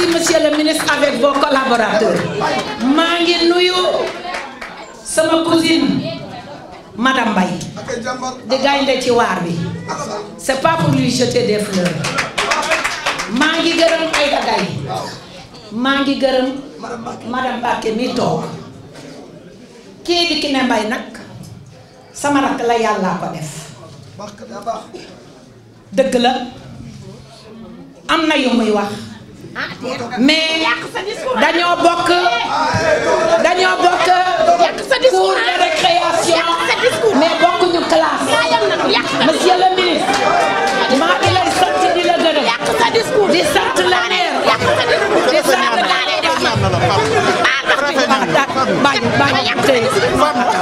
aussi monsieur le ministre avec maa ngi nuyu sama cousine madame Mbaye di gaynde ci waar bi c'est pas pour lui jeter des fleurs maa ngi gërëm ay dagay maa ngi gërëm madame Mbacké mi toog kii di Kiné Mbaye nag sama rakk la yàllaa ko def dëgg la am na yu muy wax mais dañoo bokk dañoo bokk cours récréation mais bokkuñu classe monsieur le ministre maa ngi lay sant di la gërëm di sant la maire di sant la maire.